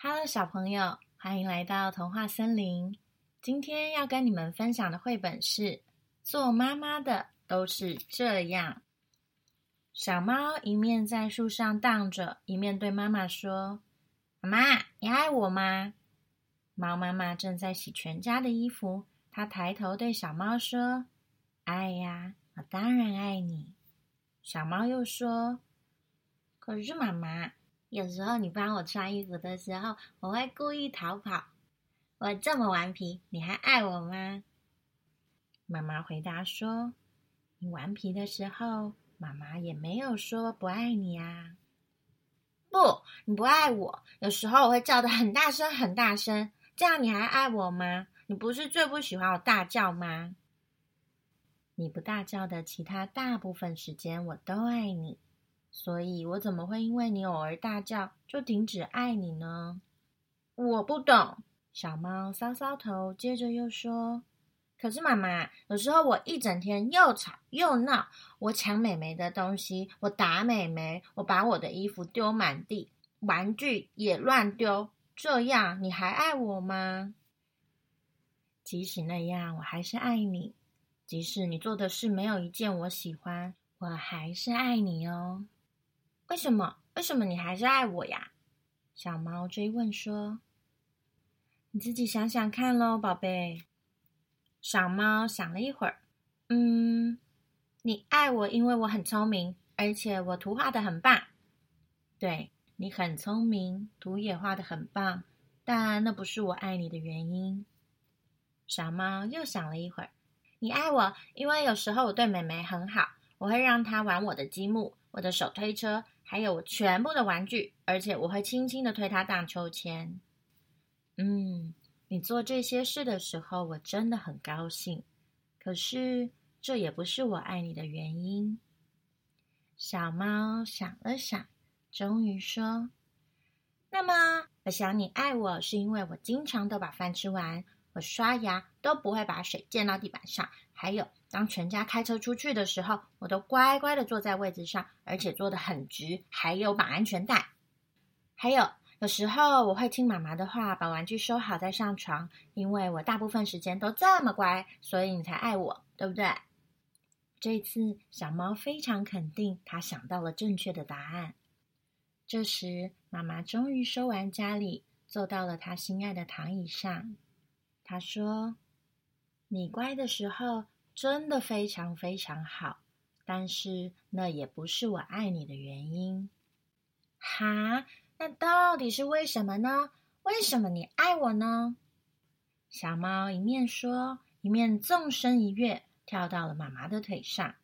Hello，小朋友，歡迎來到童話森林。今天要跟你們分享的繪本是《做媽媽的都是這樣》。小貓一面在樹上蕩着，一面對媽媽說：“媽媽，你愛我嗎？”貓媽媽正在洗全家的衣服，她抬頭對小貓說：“愛呀，我當然愛你。”小貓又說：“可是媽媽。”有時候你幫我穿衣服的時候，我會故意逃跑。我這麼頑皮，你還愛我嗎？媽媽回答說：“你頑皮的時候，媽媽也沒有說不愛你呀。”不，你不愛我。有時候我會叫得很大聲，很大聲，這樣你還愛我嗎？你不是最不喜歡我大叫嗎？你不大叫的其他大部分時間，我都愛你。所以我怎麼會因為你偶爾大叫就停止愛你呢？我不懂。小貓搔搔頭，接着又說：“可是媽媽，有時候我一整天又吵又鬧，我搶妹妹的東西，我打妹妹，我把我的衣服丟滿地，玩具也亂丟。這樣你還愛我嗎？”即使那樣，我還是愛你。即使你做的事沒有一件我喜歡，我還是愛你哦。為什麼？為什麼你還是愛我呀？小貓追問說：“你自己想想看嘍，寶貝。”小貓想了一會兒，“嗯，你愛我，因為我很聰明，而且我圖畫的很棒。對，你很聰明，圖也畫的很棒，但那不是我愛你的原因。”小貓又想了一會兒，“你愛我，因為有時候我對美美很好，我會讓她玩我的積木，我的手推車。”還有我全部的玩具，而且我會輕輕的推它盪秋千。嗯，你做這些事的時候，我真的很高興。可是這也不是我愛你的原因。小貓想了想，終於說：“那麼，我想你愛我是因為我經常都把飯吃完，我刷牙都不會把水濺到地板上，還有……”當全家開車出去的時候，我都乖乖的坐在位置上，而且坐得很直，還有綁安全帶。還有，有時候我會聽媽媽的話，把玩具收好再上床。因為我大部分時間都這麼乖，所以你才愛我，對不對？這次小貓非常肯定，他想到了正確的答案。這時，媽媽終於收完家裡，坐到了她心愛的躺椅上。她說：“你乖的時候。”真的非常非常好，但是那也不是我愛你的原因。哈，那到底是為什麼呢？為什麼你愛我呢？小貓一面說，一面縱身一躍，跳到了媽媽的腿上。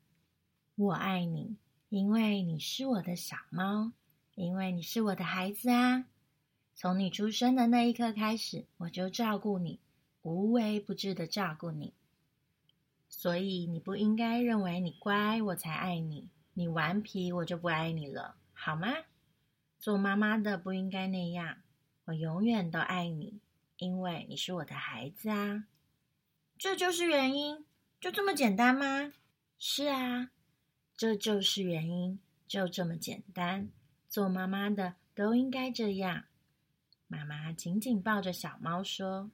我愛你，因為你是我的小貓，因為你是我的孩子啊！從你出生的那一刻開始，我就照顧你，無微不至地照顧你。所以你不應該認為你乖，我才愛你；你頑皮，我就不愛你了，好嗎？做媽媽的不應該那樣。我永遠都愛你，因為你是我的孩子啊！這就是原因，就這麼簡單嗎？是啊，這就是原因，就這麼簡單。做媽媽的都應該這樣。媽媽緊緊抱着小貓說，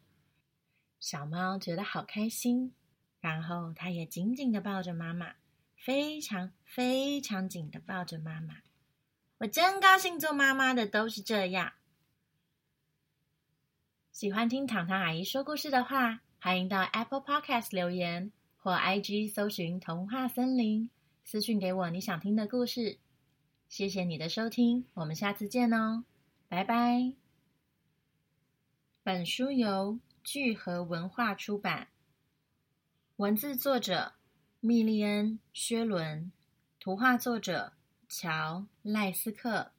小貓覺得好開心。然後，他也緊緊的抱着媽媽，非常非常緊的抱着媽媽。我真高興，做媽媽的都是這樣。喜歡聽糖糖阿姨說故事的話，歡迎到 Apple Podcast 留言或 IG 搜尋童話森林，私訊給我你想聽的故事。謝謝你的收聽，我們下次見哦，拜拜。本書由巨河文化出版。文字作者：蜜莉恩·薛倫，圖畫作者：喬·賴斯克。